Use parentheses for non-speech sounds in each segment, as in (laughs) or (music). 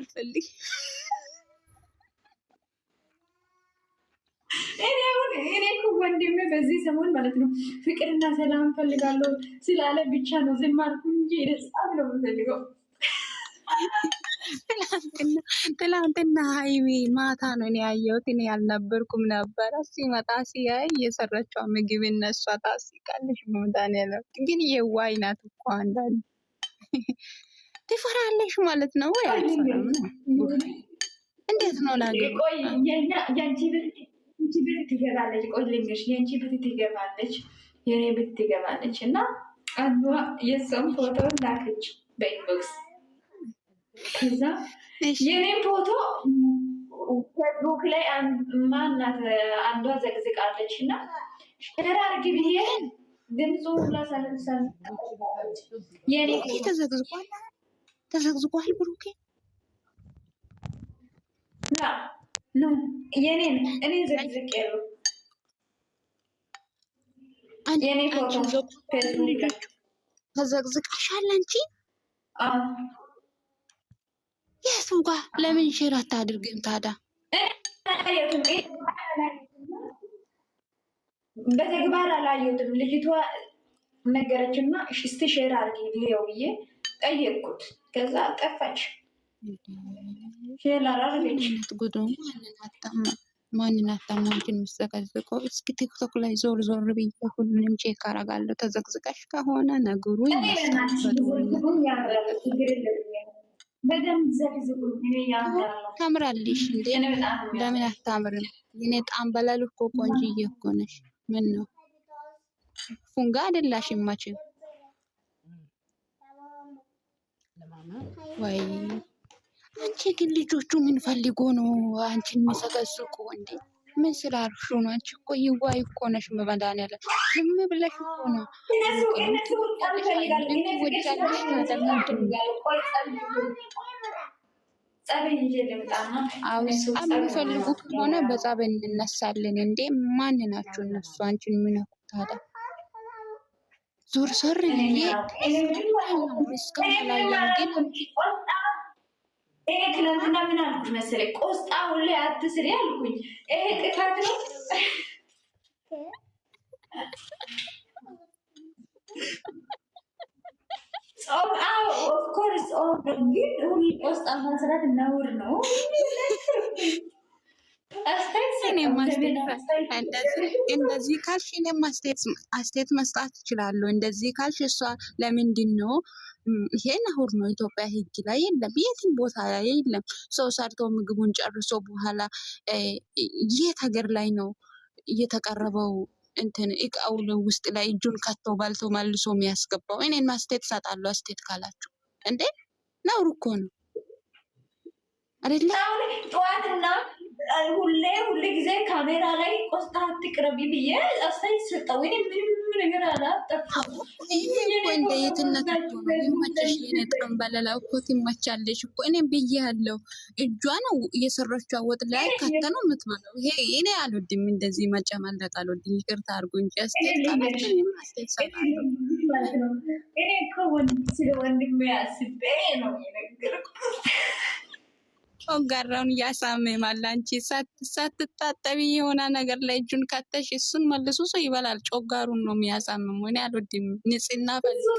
አልፈልግም። እኔ እኮ ወንድሜ በዚህ ሰሞን ማለት ነው ፍቅርና ሰላም ፈልጋለሁ ስላለ ብቻ ነው ዝም አልኩ እንጂ ደስታ ነው የምፈልገው። ትላንትና ሀይሚ ማታ ነው እኔ ያየሁት። እኔ ያልነበርኩም ነበረ። ሲመጣ ሲያይ ምግብ እነሷ ታስቃለች። ግን እኮ አንዳንድ ትፈራለሽ ማለት ነው ወይ? እንዴት ነው ላ የአንቺ ትገባለች። ቆይ ልንገርሽ፣ ትገባለች፣ የኔ ትገባለች። እና አንዷ የሰውን ፎቶ ላከች በኢንቦክስ። ከዛ ፎቶ ፌስቡክ ላይ ማናት አንዷ ዘግዝቃለች እና ሸራ አርግ ብዬ ድምፁ ሁላ የኔ ተዘግዝቋል ተዘግዝጓል። ብሩኬ የኔን ተዘግዝቃሻል አንቺ የሰው ጋር ለምን ሼር አታድርግም ታዲያ? በተግባር አላየሁትም። ልጅቷ ነገረችና እስቲ ሼር አድርጊ ብዬ ጠየቅኩት። ከዛ ጠፋች። ማንን አታማንችን እስኪ ቲክቶክ ላይ ዞር ዞር ብዬ ሁሉንም ቼክ አረጋለሁ። ተዘቅዝቀሽ ከሆነ ነግሩ ታምራልሽ እንዴ? ለምን አታምርም? እኔ እኮ ቆንጅዬ እኮ ነሽ። ምን ነው ፉንጋ መቼም ወይ አንቺ ግን ልጆቹ ምን ፈልጎ ነው አንቺን የሚሰቀስቁ እንዴ? ምን ስላልሹ ነው? አንቺ እኮ ይዋይ እኮ ነሽ። ያለ ዝም ብለሽ እኮ ነው የሚፈልጉ ከሆነ በጸብ እንነሳለን። እንዴ ማን ናችሁ እነሱ አንቺን የሚነኩት ታዲያ? ዞር ዞር ብዬ እስካሁን አላየሁም ግን ይሄ ትናንትና ምን አልኩሽ መሰለኝ? ቆስጣ ሁሌ አትስሪ አልኩኝ። ይሄ ጥፋት ነው። ጾም ኦፍኮርስ ጾም ነው፣ ግን ሁሌ ቆስጣ መስራት ነውር ነው። እንደዚህ ካልሽ እኔም አስተያየት መስጣት እችላለሁ። እንደዚህ ካልሽ እሷ ለምንድን ነው ይሄን አሁር ነው ኢትዮጵያ ሕግ ላይ የለም፣ የትም ቦታ ላይ የለም። ሰው ሰርቶ ምግቡን ጨርሶ በኋላ የት ሀገር ላይ ነው እየተቀረበው እንትን እቃው ውስጥ ላይ እጁን ከቶ ባልቶ መልሶ የሚያስገባው? እኔን ማስቴት እሰጣለሁ። አስቴት ካላችሁ እንዴ ነውር እኮ ነው አይደለም ሁሌ ሁሌ ጊዜ ካሜራ ላይ ቆስጣ አትቅረቢ ብዬ አስተያየት ሰጠው። እኔ ምንም ነገር አላጠፋም። ይመቸሽ የነጥን እኮ ትመቻለሽ እኮ እኔ ብዬ ያለው እጇ ነው እየሰራች ወጥ ላይ ካተ ነው የምትበለው። ይሄ እኔ አልወድም፣ እንደዚህ መጨማለቅ አልወድም። ይቅርታ አድርጎ እንጂ አስተያየት ሰጣለሁ። እኔ እኮ ወንድ ስለወንድሜ አስቤ ነው የነገርኩት ጮጋራውን እያሳመማል። አንቺ ሳትታጠቢ የሆነ ነገር ላይ እጁን ከተሽ እሱን መልሱ ሰው ይበላል። ጮጋሩን ነው የሚያሳምሙ። እኔ አልወድም። ንጽህና ፈልጋለሁ።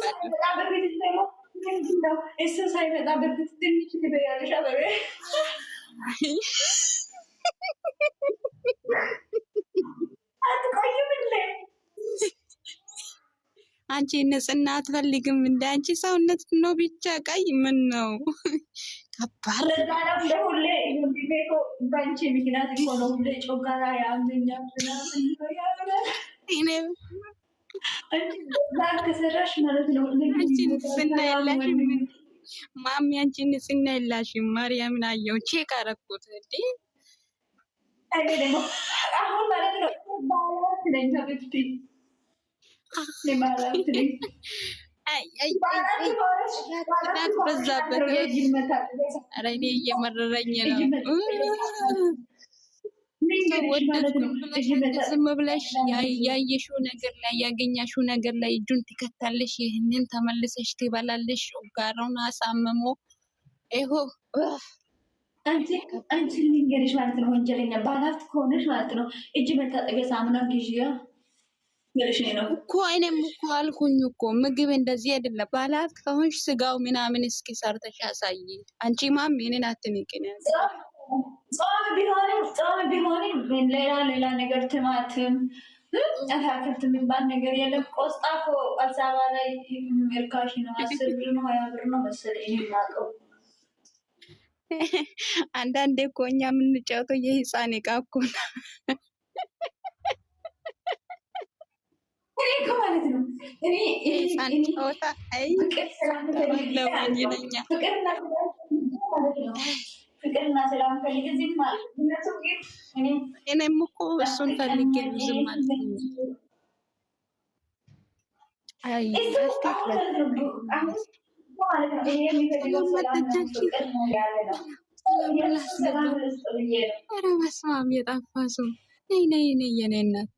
አንቺ ንጽህና አትፈልግም። እንደ አንቺ ሰውነት ነው ብቻ ቀይ ምን ነው ከባድ ሁሌ በአንቺ ምክንያት ነው ሁሌ ጮጋራ ያምኛል። ማሚ አንቺን ንጽህና የላሽም። ማርያምን አየው ቼክ አረኩት እንዲ አሁን ማለት ነው ቅጣት በዛበት። ኧረ እኔ እየመረረኝ ነው። ዝም ብለሽ ያየሽው ነገር ላይ ያገኛሽው ነገር ላይ እጁን ትከታለሽ። ይህንን ተመልሰሽ ትበላለሽ። ኦጋራውን አሳምሞ ይሆ አንቺን ልንገርሽ ማለት ነው። ወንጀለኛ ባላፍት ከሆነሽ ማለት ነው። እጅ መታጠቢያ ሳሙና ግዢ እኮ እኔም እኮ አልኩኝ እኮ ምግብ እንደዚህ አይደለ ባላት ከሆንሽ ስጋው ምናምን እስኪ ሰርተሽ ያሳይ። አንቺ ማም ይህንን አትንቅን። ጾም ቢሆንም ጾም ቢሆንም ሌላ ሌላ ነገር ትማትም አታክልት የሚባል ነገር የለም። ቆስጣ እኮ አዲስ አበባ ላይ ርካሽ ነው። አስር ብር ነው፣ ሀያ ብር ነው መሰለኝ የማውቀው። አንዳንዴ እኮ እኛ የምንጫወተው የህፃን ዕቃ እኮ ነው። ማለት ነው። እኔ ፍቅርና ሰላም ፈልግ እዚህ ማለት ነው። እኔም እኮ እሱን ፈልጌ ብዙም ማለት ነው። ኧረ በስመ አብ የጠፋ ሰው ነይ ነይ ነይ የኔ እናት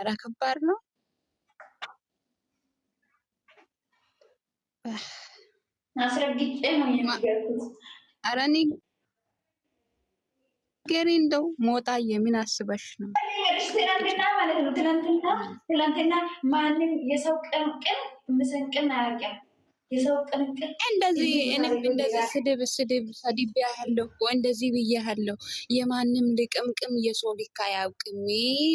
ኧረ ከባድ ነው። አስረግጬ ነው የሚገርኩት። ኧረ እንደው አስበሽ ነው? ትናንትና ማለት ነው ትናንትና ትናንትና ማንም የሰው ቅንቅን ምስንቅን አያውቅም። እንደዚህ ስድብ ስድብ የማንም ልቅምቅም የሰው ልክ አያውቅም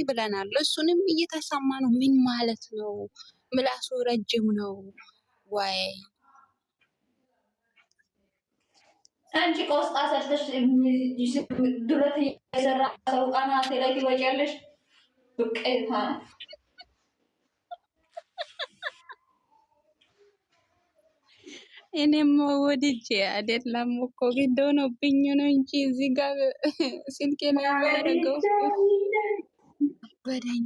ብለናል። እሱንም እየተሰማ ነው። ምን ማለት ነው? ምላሱ ረጅም ነው። ወይ አንቺ ቆስጣ ሰርተሽ ዱለት የሰራ ሰው ቃና ላይ ትወጪያለሽ። ብቅታ እኔም ወድጄ አይደለም እኮ ግድ ሆኖብኝ ነው እንጂ እዚህ ጋር ስልኬ ላይ ያደረገው በደኝ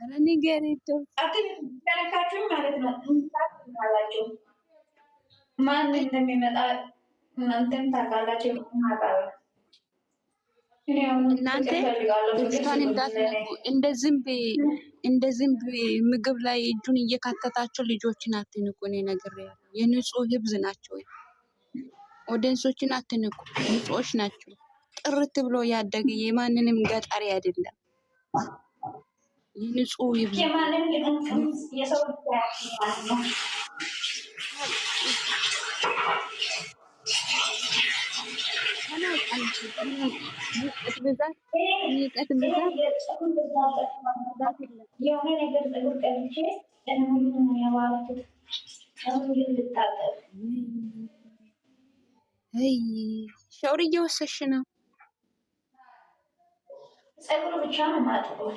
ተነካችሁም ማለት ነው እንደ ዝንብ ምግብ ላይ እጁን እየካተታቸው ልጆችን አትንኩ። እኔ ነግሬያለሁ። የንጹህ ህብዝ ናቸው። ኦዲየንሶችን አትንኩ። ንጹዎች ናቸው። ጥርት ብሎ ያደገ የማንንም ገጠሪ አይደለም። ንጹህ ይብዛ። ሻወር እየወሰድሽ ነው? ፀጉር ብቻ ነው የማጥበው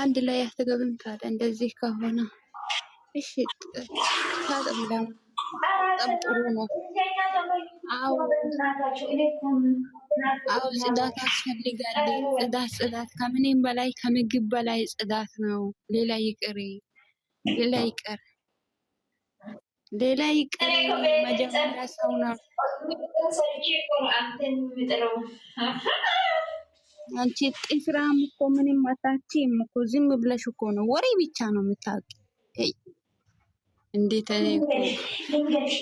አንድ ላይ አትገቢም ታዲያ? እንደዚህ ከሆነ እሺ፣ ታጥብ በጣም ጥሩ ነው። አዎ፣ ጽዳት አስፈልጋል ጽዳት ጽዳት፣ ከምንም በላይ ከምግብ በላይ ጽዳት ነው። ሌላ ይቅር፣ ሌላ ይቅር፣ ሌላ ይቅር። መጀመሪያ ሰው ነው። አንቺ ጥፍራም እኮ ምንም አታችም እኮ ዝም ብለሽ እኮ ነው፣ ወሬ ብቻ ነው የምታውቂ። እንዴት ወይኔ ጉዴ! ወይኔ ጉዴ!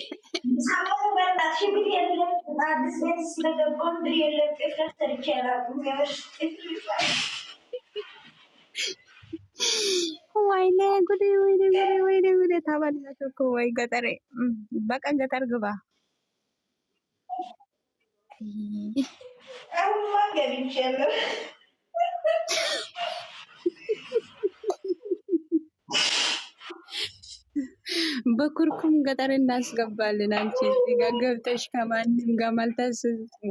ወይኔ ጉዴ! ታባላችሁ እኮ ወይ ገጠር፣ በቃ ገጠር ግባ አሁንማ ገብቻለሁ። በኩርኩም ገጠር እናስገባለን። አንቺ እዚህ ገብተሽ ከማንም ጋር ማልተስ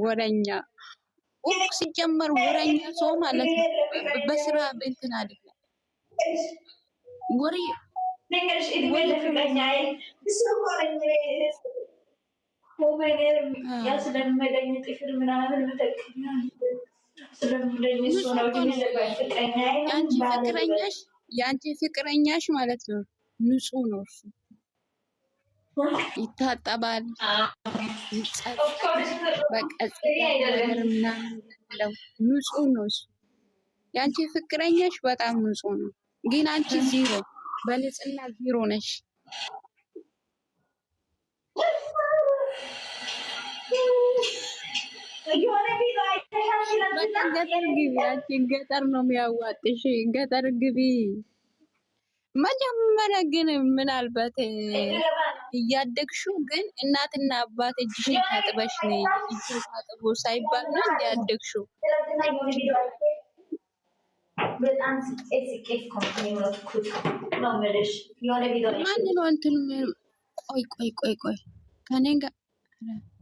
ወረኛ ቁርቅ ሲጀመር ወረኛ ሰው ማለት ነው። በስራ እንትን አድርግ ወሬ ኮሜኔር ፍቅረኛሽ የአንቺ ፍቅረኛሽ ማለት ነው ንጹሕ ነው እሱ ይታጠባል፣ በቀጽለው ነው እሱ። ፍቅረኛሽ በጣም ንጹሕ ነው። ግን አንቺ ዚሮ በንጽህና ዚሮ ነሽ። ገጠር ግቢ አንቺን ገጠር ነው የሚያዋጥሽ። ገጠር ግቢ መጀመሪያ ግን ምናልባት እያደግሽው ግን እናትና አባት እጅሽን ታጥበሽ ነይ እጅሽን ታጥቦ ሳይባል ነው እያደግሽው ማን ነው እንትን ቆይ ቆይ ቆይ ቆይ ከኔ ጋር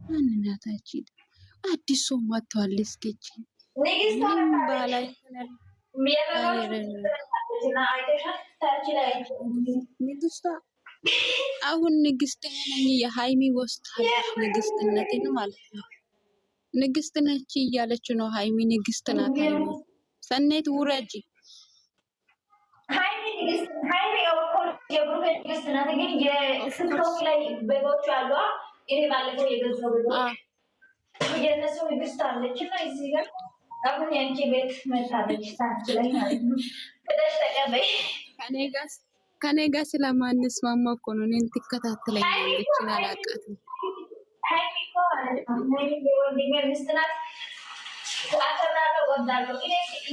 ማንናታችን አዲስ ሰው መጥቷል። እስኬች ንግስቷ አሁን ንግስት ነኝ የሀይሚ ወስታለች ንግስትነትን ማለት ነው። ንግስት ነች እያለች ነው ሀይሚ ንግስት ናት። ሀይሚ ሰኔት ውረጅ ሀይሚ እኔ ባለፈው የገዛው ብሎ የእነሱ ንግስት አለች እና እዚህ ጋር አሁን ያንቺ ቤት መታለች ታች ላይ ማለት ነው። ቅደሽ ከኔ ጋር ስለማንስማማ እኮ ነው እኔን ትከታተለኛለች። አላውቃትም።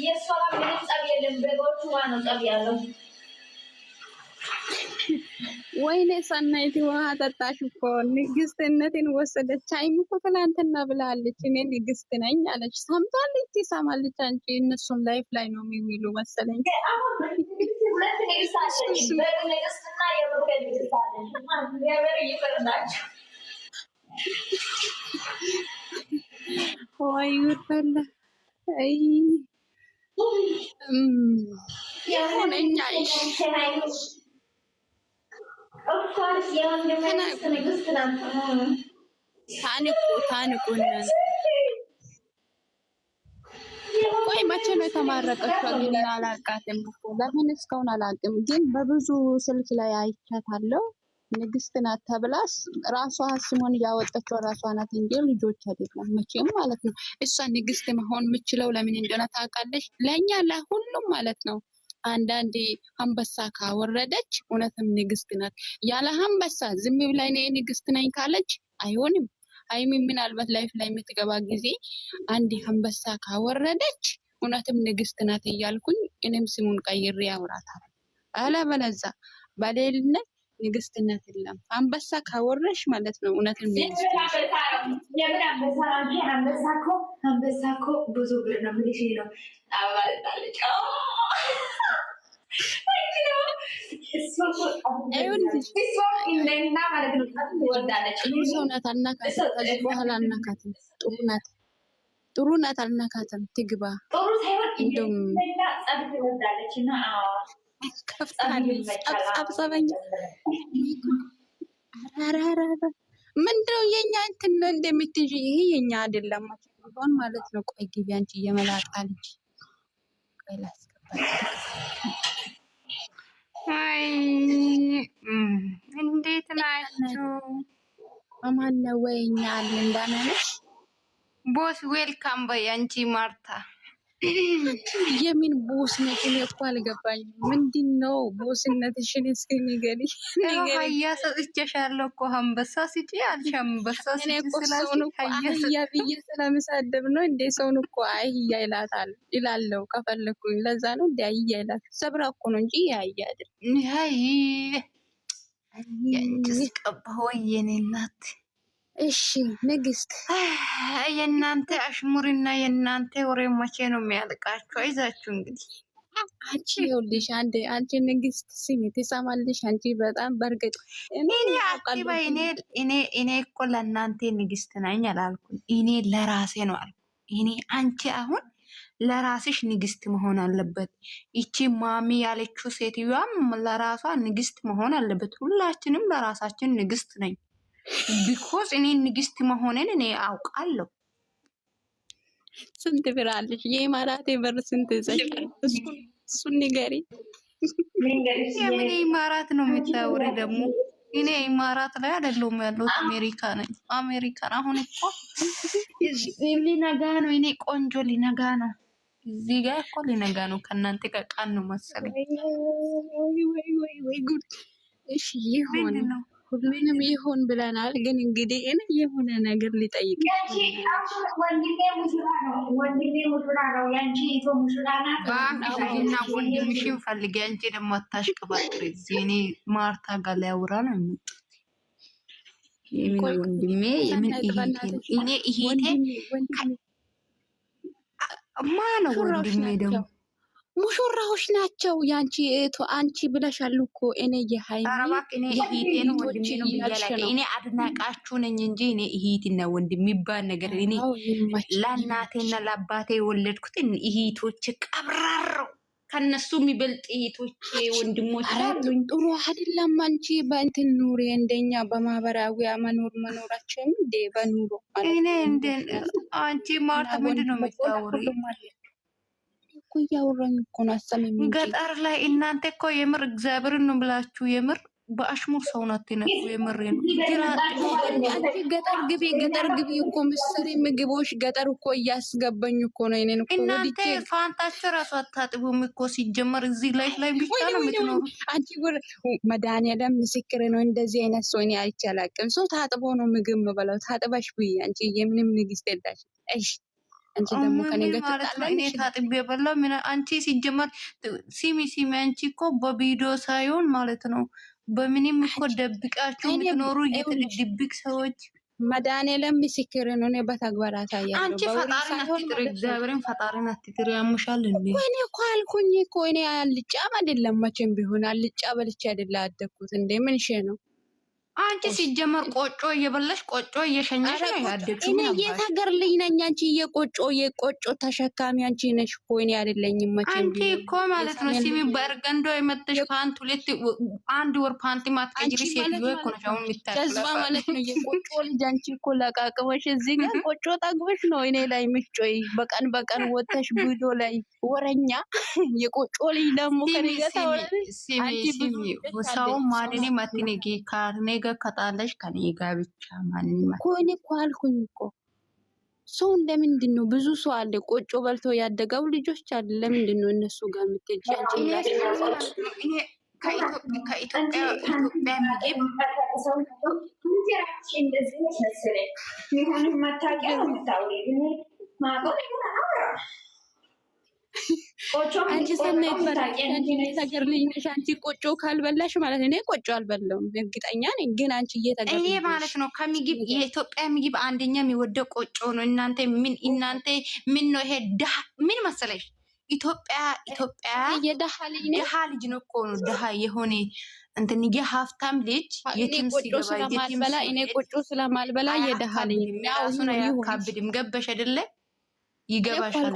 የእሷ ምንም ጸብ የለም። በጎቹ ማነው ጸብ ያለው? ወይኔ ሰናይት ውሃ ጠጣሽ እኮ ንግስትነትን ወሰደች። ሀይሚ እኮ ትላንትና ብላለች፣ እኔ ንግስት ነኝ አለች። ሰምታለች፣ ይሰማለች። አንቺ እነሱም ላይፍ ላይ ነው የሚሉ መሰለኝ። ወይ በላ ሆነ እኛ ታንቁ ታንቁ ቆይ መቼ ነው የተማረቀችው? ግን አላውቃትም ለምን እስካሁን ግን በብዙ ስልክ ላይ አይቻታለሁ። ንግስት ናት ተብላስ ራሷ ስሟን እያወጣችው ራሷ ናት እንጂ ልጆች አይደለም መቼም ማለት ነው። እሷ ንግስት መሆን የምችለው ለምን እንደሆነ ታውቃለች። ለእኛ ለሁሉም ማለት ነው አንዳንድ አንበሳ ካወረደች እውነትም ንግስት ናት። ያለ አንበሳ ዝም ብላ እኔ ንግስት ነኝ ካለች አይሆንም። ሀይሚ ምናልባት ላይፍ ላይ የምትገባ ጊዜ አንድ አንበሳ ካወረደች እውነትም ንግስት ናት እያልኩኝ እኔም ስሙን ቀይሬ ያውራታል። አለበለዛ በሌልነት ንግስትነት የለም። አንበሳ ካወረሽ ማለት ነው እውነት ንግስት አንበሳ እኮ ብዙ ብር ነው። ነው ጥሩ ናት፣ አልነካትም። ትግባ እንዲሁም ጸብጸበኛ ምንድነው? የኛ እንትን ነው እንደምትይዥ ይሄ የኛ አይደለም ሆን ማለት ነው። ቆይ ግቢ አንቺ እየመላጣ ልጅ ቆይ ላስገባ እንዴት ናችሁ? አማን ነው ወይ? እኛ አለን። ደህና ነሽ? ቦስ ዌልካም በይ አንቺ ማርታ የሚን ቦስነት እኔ እኮ አልገባኝም። ምንድን ነው ቦስነትሽን? እስኪ ንገሪ። አህያ ሰጥቼሻለሁ እኮ አንበሳ ስጪ አልሽ። አንበሳ ብዬ ስለምሳደብ ነው እንዴ? ሰውን እኮ አህያ ይላታል ይላለው ከፈለኩኝ። ለዛ ነው እንዴ አህያ ይላት። ሰብራ እኮ ነው እንጂ አህያ አይደል። አይ ቀባሆ የኔ እናት እሺ ንግስት፣ የእናንተ አሽሙሪና የእናንተ ወሬ መቼ ነው የሚያልቃችሁ? አይዛችሁ እንግዲህ አንቺ ይኸውልሽ፣ አንዴ አንቺ ንግስት ስሚ፣ ትሰማልሽ? አንቺ በጣም በእርግጥ እኔ እኮ ለእናንተ ንግስት ነኝ አላልኩም። እኔ ለራሴ ነው አልኩ። እኔ አንቺ አሁን ለራስሽ ንግስት መሆን አለበት። ይቺ ማሚ ያለችው ሴትዮዋም ለራሷ ንግስት መሆን አለበት። ሁላችንም ለራሳችን ንግስት ነኝ። ቢኮዝ እኔ ንግስት መሆንን እኔ አውቃለሁ። ስንት ብር አለሽ? የኢማራቴ ብር ስንት ይዘሽ? እሱን ንገሪ። የምን ኢማራት ነው የምታወሪ ደግሞ? እኔ ኢማራት ላይ አይደለሁም ያለሁት አሜሪካ ነኝ። አሜሪካን አሁን እኮ ሊነጋ ነው። እኔ ቆንጆ ሊነጋ ነው። እዚህ ጋር እኮ ሊነጋ ነው። ከእናንተ ጋር ቃን ነው መሰለኝ። ወይ ወይ ወይ ጉድ! እሺ ይሆን ነው ሁሉንም ይሁን ብለናል። ግን እንግዲህ እኔ የሆነ ነገር ሊጠይቅ ወንድምሽን ፈልጊ። አንቺ ደግሞ እኔ ማርታ ጋር አውራ ነው የምን ወንድሜ የምን ማነው ወንድሜ ደግሞ ሙሽራዎች ናቸው። ያንቺ እቶ አንቺ ብለሻሉ እኮ እኔ የሃይሚቶች እኔ አድናቃችሁ ነኝ እንጂ እኔ እህትና ወንድ የሚባል ነገር እኔ ለእናቴና ለአባቴ የወለድኩት እህቶቼ ቀብራረው ከነሱ የሚበልጥ እህቶቼ ወንድሞች አሉኝ። ጥሩ አይደለም። አንቺ በእንትን ኑሮ እንደኛ በማህበራዊ መኖር መኖራችን እንዴ በኑሮ እኔ እንደ አንቺ ማርታ ምንድን ነው የምታወሪው? እኮ እያወራኝ እኮ ነው። አሰሚ ገጠር ላይ እናንተ እኮ የምር እግዚአብሔርን ነው ብላችሁ የምር በአሽሙር ሰውን አትነቁ። የምር ነው። ገጠር ግቢ ገጠር ግቢ እኮ ምስሪ ምግቦች ገጠር እኮ እያስገበኝ እኮ ነው። ይኔን እናንተ ፋንታቸው ራሱ አታጥቡም እኮ ሲጀመር፣ እዚህ ላይ ላይ ብቻ ነው ምትኖሩ። አንቺ ጉር መድኃኒዓለም ምስክር ነው። እንደዚህ አይነት ሰው እኔ አይቼ አላቅም። ሰው ታጥቦ ነው ምግብ ምበላው። ታጥባሽ ብዬ አንቺ የምንም ንግስት የላሽ እሺ አንቺ ደግሞ ከኔ ጋር እኔ ታጥቤ በላ ምን አንቺ ሲጀመር ሲሚ ሲሚ አንቺ እኮ በቪዲዮ ሳይሆን ማለት ነው በምንም እኮ ደብቃችሁ የምትኖሩ ድብቅ ሰዎች መዳኔ ለምስክር ነው። እኔ በተግባር አሳያለሁ። አንቺ ፈጣሪን አትጥሪ፣ እግዚአብሔርን ፈጣሪን አትጥሪ። ያሙሻል እንዴ? እኔ እኮ አልኩኝ እኮ እኔ አልጫም አይደለም መቼም ቢሆን አልጫ በልቼ አይደለ አደግኩት እንዴ? ምንሽ ነው አንቺ ሲጀመር ቆጮ እየበላሽ ቆጮ እየሸኘሽ እኔ የት ሀገር ልጅ ነኝ? አንቺ የቆጮ የቆጮ ተሸካሚ አንቺ ነሽ እኮ እኔ አይደለኝም። መቼም አንቺ እኮ ማለት ነው ሲሚ በእርገንዶ የመተሽ ፓንት ሁለት አንድ ወር ፓንት ማትቀይሪ ሴትዮ እኮ ነሽ። አሁን የሚታዝባ ማለት ነው የቆጮ ልጅ አንቺ እኮ ለቃቅበሽ እዚህ ግን ቆጮ ጠግበሽ ነው እኔ ላይ ምጮይ በቀን በቀን ወተሽ ብዶ ላይ ወረኛ (laughs) የቆጮ ልጅ ደግሞ ከኔ ጋር ታወራለሽ። አንቺ ብዙ ሰው ማንኔ ማትኔ ጌካርኔ ጋር ከጣለሽ ከኔ ጋር ብቻ ማንም እኮ እኔ እኮ አልኩኝ እኮ ሰው ለምንድን ነው ብዙ ሰው አለ ቆጮ በልቶ ያደገው ልጆች አለ። ለምንድን ነው እነሱ ጋር የምትሄጂ? ከኢትዮጵያ አንቺ ሰናይት ይባላል። ልጅ ነሽ አንቺ ቆጮ ካልበላሽ ማለት እኔ ቆጮ አልበላሁም እርግጠኛ ነኝ፣ ግን አንቺ እየተገር እኔ ማለት ነው ከምግብ የኢትዮጵያ ምግብ አንደኛ የሚወደው ቆጮ ነው። እናንተ ምን እናንተ ምን ነው ይሄ ዳ ምን መሰለሽ ኢትዮጵያ ኢትዮጵያ የድሃ ልጅ ነው። ድሃ ልጅ ነው እኮ ነው ድሃ የሆነ እንትን የሀብታም ልጅ የቲም ሲገባ እኔ ቆጮ ስለማልበላ የድሃ ልጅ ነው። ያው እሱ እሱን አያካብድም። ገበሽ አይደለ ይገባሻል።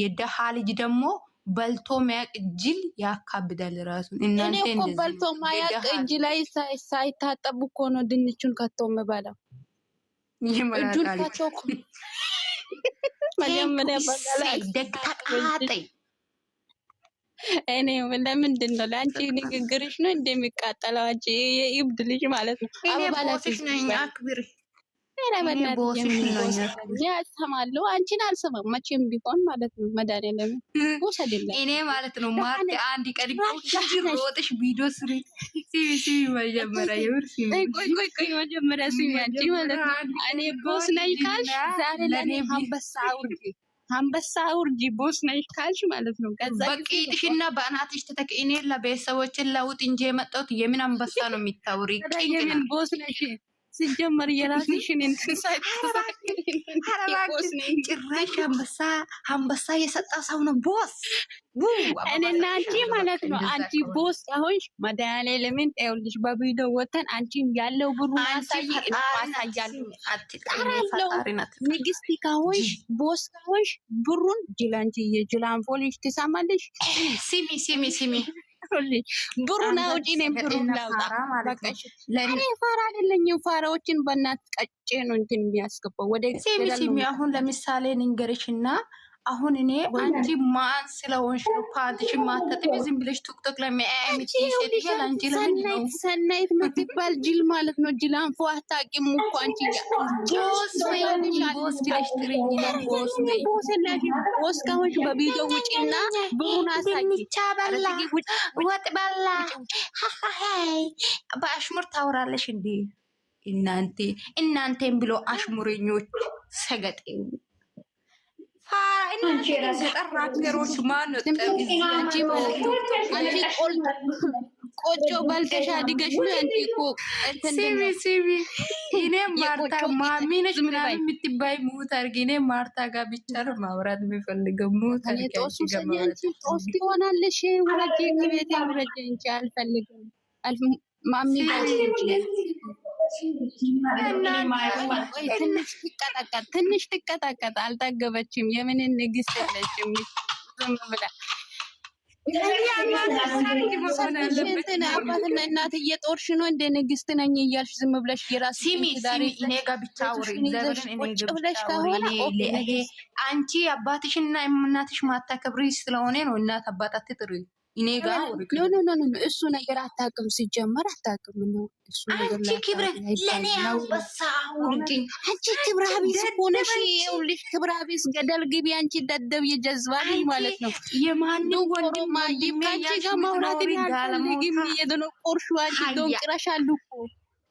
የደሃ ልጅ ደግሞ በልቶ ማያቅ እጅል ያካብዳል ራሱን። እናንተ እኮ በልቶ ማያቅ እጅ ላይ ሳይታጠብ እኮ ነው ድንቹን ከቶ የምበላው። እጁን ከቶ (laughs) መጀመሪያ እኔ ለምንድን ነው ለአንቺ ንግግርሽ ነው እንደሚቃጠለው አንቺ የኢብድ ልጅ ማለት ነው። አበባ ላይ አክብሪ ያሰማለሁ አንቺን አልሰማም መቼም ቢሆን ማለት ነው። መድኃኒዓለም ውሰድልኝ እኔ ማለት ነው። ማርቴ አንድ ቀን ሮጥሽ ቪዲዮ ስሪ ሲቪ መጀመሪያ የምር ቆይ መጀመሪያ አንቺ ማለት ነው። እኔ ቦስ ነኝ ካልሽ ዛሬ ለእኔ አንበሳ አውርጂ አንበሳ አውርጂ ቦስ ነኝ ካልሽ ማለት ነው። ከዛ ተተክ እኔ ለቤተሰቦችን ለውጥ እንጂ የመጣሁት የምን አንበሳ ነው የሚታውሪ ቦስ ነሽ ሲጀመር የራስሽን እንትን ጭራሽ አንበሳ አንበሳ የሰጣ ሰው ነው ቦስ። እኔና አንቺ ማለት ነው አንቺ ቦስ አሁንሽ መዳያሌ ለምን ይኸውልሽ፣ በቪዲዮ ወተን አንቺም ያለው ብሩ ማሳይ ንግስት ካሆንሽ ቦስ ካሆንሽ ብሩን ጅላንቺ የጅላንፎልሽ ትሰማለሽ። ሲሚ ሲሚ ሲሚ ክፈሉልኝ፣ ብሩን አውጪ፣ እኔም ብሩን ላውጣ። እኔ ፋራ አይደለኝም። ፋራዎችን በእናት ቀጭ ነው እንትን የሚያስገባው ወደ ሴሚሲሚ። አሁን ለምሳሌ ንንገርሽና አሁን እኔ አንቺ ማን ስለሆንሽ ነው ፓንትሽን ማታጠቢ? ዝም ብለሽ ቶክቶክ ሰናይት ምትባል ጅል ማለት ነው። ጅል አንፎ አታውቂም እኮ አንቺ። ቦስ ከሆንሽ በቢዶ ውጪና ብሩን ወጥ በላ በአሽሙር ታውራለሽ እንዴ እናንተ እናንተም ብሎ አሽሙረኞች ሰገጤ ጠራሮች ማነው ቆጮ በልተሻ ዲገሽ እኔ ማርታ ማሚነች ምናምን የምትባይ ሙት አድርጊ። እኔ ማርታ ጋር ቢቻል ማውራት የሚፈልገው ሙት አድርጊ። ጦስ ትሆናለሽ። ውረጅ፣ ከቤቴ ውረጅ እንጂ አልፈልግም። ማሚ ትንሽ ትቀጠቀጥ ትንሽ ትቀጠቀጥ አልጠገበችም። የምንን ንግስት የለችም። ዝም ብላ አባትና እናት እየጦርሽ ነው። እንደ ንግስት ነኝ እያልሽ ዝም ብለሽ የራስሽ እኔ ብለሽ ከሆነ አንቺ አባትሽና እናትሽ ማታከብሪ ስለሆነ ነው። እናት አባት አትጥሪ እኔ ጋር እሱ ነገር አታውቅም፣ ሲጀመር አታውቅም። አንቺ ክብረ ለኔ አንበሳ ውርድ አንቺ ሆነሽ ይኸውልሽ፣ ገደል ግቢ አንቺ ደደብ የጀዝባል ማለት ነው። የማን ወንድም ጋር ማውራት ያልፈልግም። የደኖ አንቺ አሉ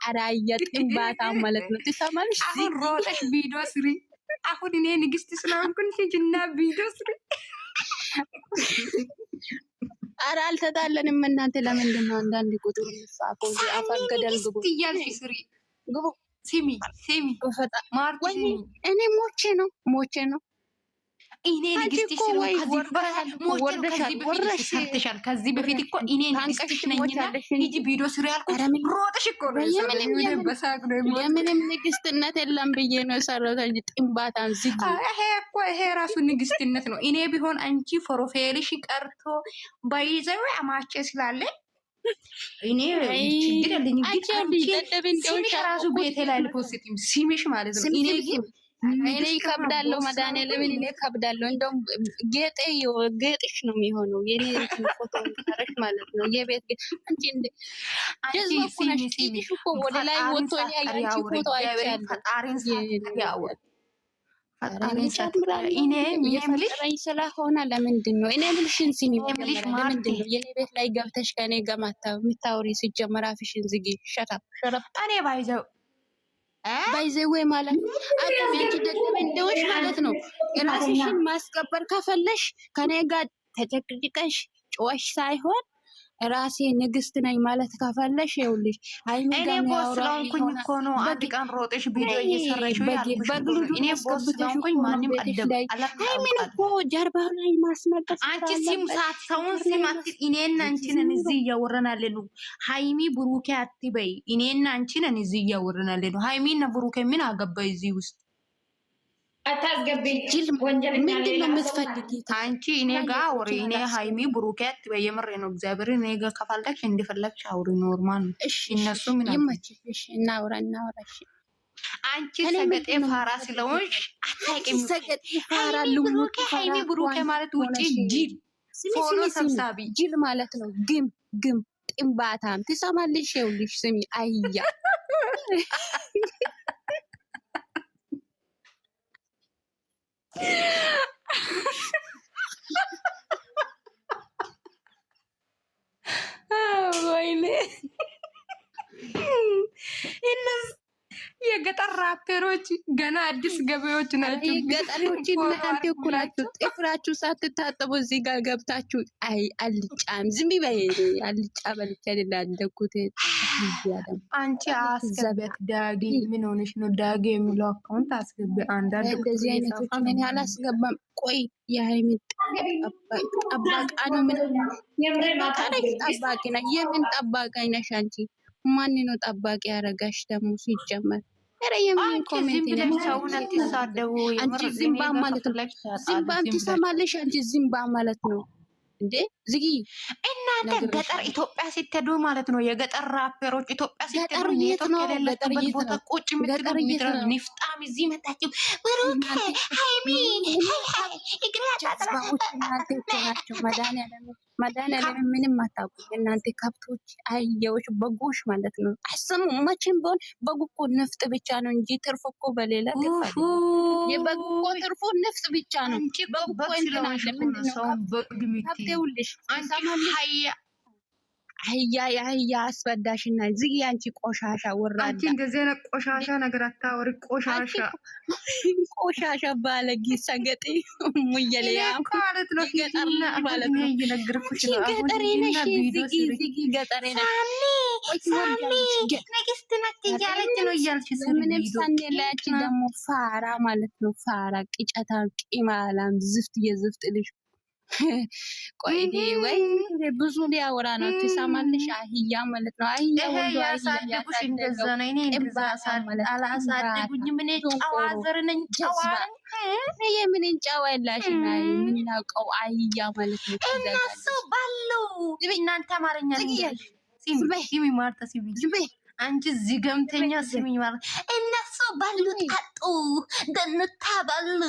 እኮ ጥንባታ ማለት ነው። ትሰማለሽ? አሁን ሮጠሽ ቪዲዮ ስሪ። አሁን እኔ ንግስት ስለሆንኩኝ ሂጂና ቪዲዮ ስሪ (laughs) ኧረ አልተጣለንም። እናንተ ለምንድን ነው አንዳንድ ቁጥር የሚጻፈው? አፈር ገደል ግቡ ግቡ። ስሚ ስሚ፣ እኔ ሞቼ ነው ሞቼ ነው እኔ ንግስትሽ ሰርተሻል። ከዚህ በፊት እኮ እኔ ንግስትሽ ነኝና ሂጂ ቪዲዮ ስሪ ያልኩት ሮጥሽ እኮ ነው። የምንም ንግስትነት የለም ብዬ ነው የሰራሁት እንጂ ጥንባታም ዝግ። ይሄ እኮ ይሄ ራሱ ንግስትነት ነው። እኔ ቢሆን አንቺ ፎሮፌልሽ ቀርቶ በይዘው አማቼ ስላለን እኔ ችግር ያለኝ እንግዲህ አንቺ ራሱ ቤቴ ላይ ልፖስትም ሲሚሽ ማለት ነው እኔ እኔ ይከብዳለሁ። ለምን እኔ ይከብዳለሁ። እንደውም ጌጤ ጌጥሽ ነው የሚሆነው የኔ ፎቶ ማለት ነው። የቤት አንቺ እንደዝሽ እኮ ወደ ላይ ወጥቶ ያንቺ ፎቶ አይቻለሁ። ጨምራኝ ስለሆነ ለምንድን ነው እኔ የምልሽን ስሚ። ለምንድን ነው የኔ ቤት ላይ ገብተሽ ከኔ ጋር የምታወሪ? ሲጀመር አፍሽን ዝጊ። ሸረፍ ሸረፍ እኔ ባይዘው ባይዘዌ ማለት አለም ያቺ ደደብ እንደውሽ ማለት ነው። ራስሽን ማስከበር ከፈለሽ ከኔ ጋር ተጨቅጭቀሽ ጨዋሽ ሳይሆን ራሴ ንግስት ነኝ ማለት ካፈለሽ ይኸውልሽ፣ አይሚ ጋር ስለሆንኩኝ እኮ ነው። አንድ ቀን ሮጠሽ ቪዲዮ እየሰራሽ በግሉዱ ስለሆንኩኝ ማንም አይሚን እኮ ጀርባ ላይ ማስመቀስ አንቺ ሲም ሳትሰውን ሲማት እኔና አንቺንን እዚህ እያወረናለን። ሀይሚ ብሩኬ አትበይ። እኔና አንቺንን እዚህ እያወረናለን። ሀይሚና ብሩኬ ምን አገባ እዚህ ውስጥ ምንድን ነው የምትፈልጊት አንቺ? እኔ ጋ አውሪ። እኔ ሀይሚ ብሩኬት አትበይ። የምሬ ነው እግዚአብሔር። እኔ ጋ ከፈለግሽ እንደፈለግሽ አውሪ። ኖርማል ነው። እነሱ አንቺ ሰገጤ ፋራ ስለሆንሽ አታውቂም። ሰገጤ ብሩኬ ማለት ውጭ ጅል ፎሎ ሰብሳቢ ጅል ማለት ነው። ግም ግም ጥንባታም ትሰማልሽ። ይኸውልሽ ስሚ አህያ (laughs) 啊，我勒，(laughs) 嗯，你 (laughs) 们。የገጠር ራፔሮች ገና አዲስ ገበያዎች ናቸው። ገጠሪዎች እናንተ እኮ ናችሁ። ጥፍራችሁ ሳትታጠቡ እዚህ ጋር ገብታችሁ አይ አልጫም፣ ዝም በይ አልጫ በልቻ አይደለ ያደግኩት። አንቺ አስገቢያት ዳጊ። ምን ሆነሽ ነው ዳጊ የሚለው አካውንት አስገቢ። አንዳንድ እንደዚህ አይነቶች ምን ያህል አስገባም። ቆይ የሃይሚን ጠባቃ ነው ምን ጠባቂ ነ የምን ጠባቃ ይነሽ አንቺ ማን ነው ጠባቂ ያረጋሽ ደግሞ ሲጀመር? ኧረ የሚሆን ኮሜንት አንቺ ዝምባ ማለት ነው። ዝምባ ትሰማለሽ? አንቺ ዝምባ ማለት ነው እንዴ ዝጊ። እናንተ ገጠር ኢትዮጵያ ስትሄዱ ማለት ነው የገጠር ራፐሮች ኢትዮጵያ ስትሄዱ የሌለበት ቦታ ቁጭ የምትሉ ምድረን ንፍጣም እዚህ መጣችሁ ብሩኬ፣ ሃይሚ እግሬ አጣጥላ ናቸው መድኃኒዓለም መድኃኒዓለም ምንም አታውቁም እናንተ ከብቶች፣ አህያዎች፣ በጎች ማለት ነው። አስሙ መቼም ቢሆን በጉ እኮ ብቻ ነው እንጂ ትርፍ እኮ በሌላ የበጉ እኮ ትርፉ ብቻ ነው። በጉ እንትን አለ ምንድን ነው ከብት ውልሽ ሰማኒ አህያ የአህያ እና ዝግ ያንቺ ቆሻሻ ወራዳ። አንቺ እንደዚህ አይነት ቆሻሻ ነገር አታወሪ። ቆሻሻ ቆሻሻ ባለጊ ሰገጤ ሙየለያ ማለት ነው። ገጠሬ ነሽ፣ ዝጊ ዝጊ፣ ገጠሬ ነሽ። ሳሚ ንግስት ናት እያለች ነው እያልሽ ምንም ሳንላያችን ደግሞ ፋራ ማለት ነው። ፋራ ቅጨታ፣ ቂማላም ዝፍት የዝፍት ልሽ (laughs) ቆይ ወይ ብዙ ሊያወራ ነው። ትሰማለሽ? አህያ ማለት ነው። አህያ ያሳደጉሽ እንደዛ ነው። እኔ እንደዛ ምን ጨዋ የላሽ የምናውቀው አህያ ማለት ነው። እናንተ አማርኛ ሲሚ ማርታ ሲሚ አንቺ ዝገምተኛ ሲሚ ማርታ እነሱ ባሉ አጡ ደንታ ባሉ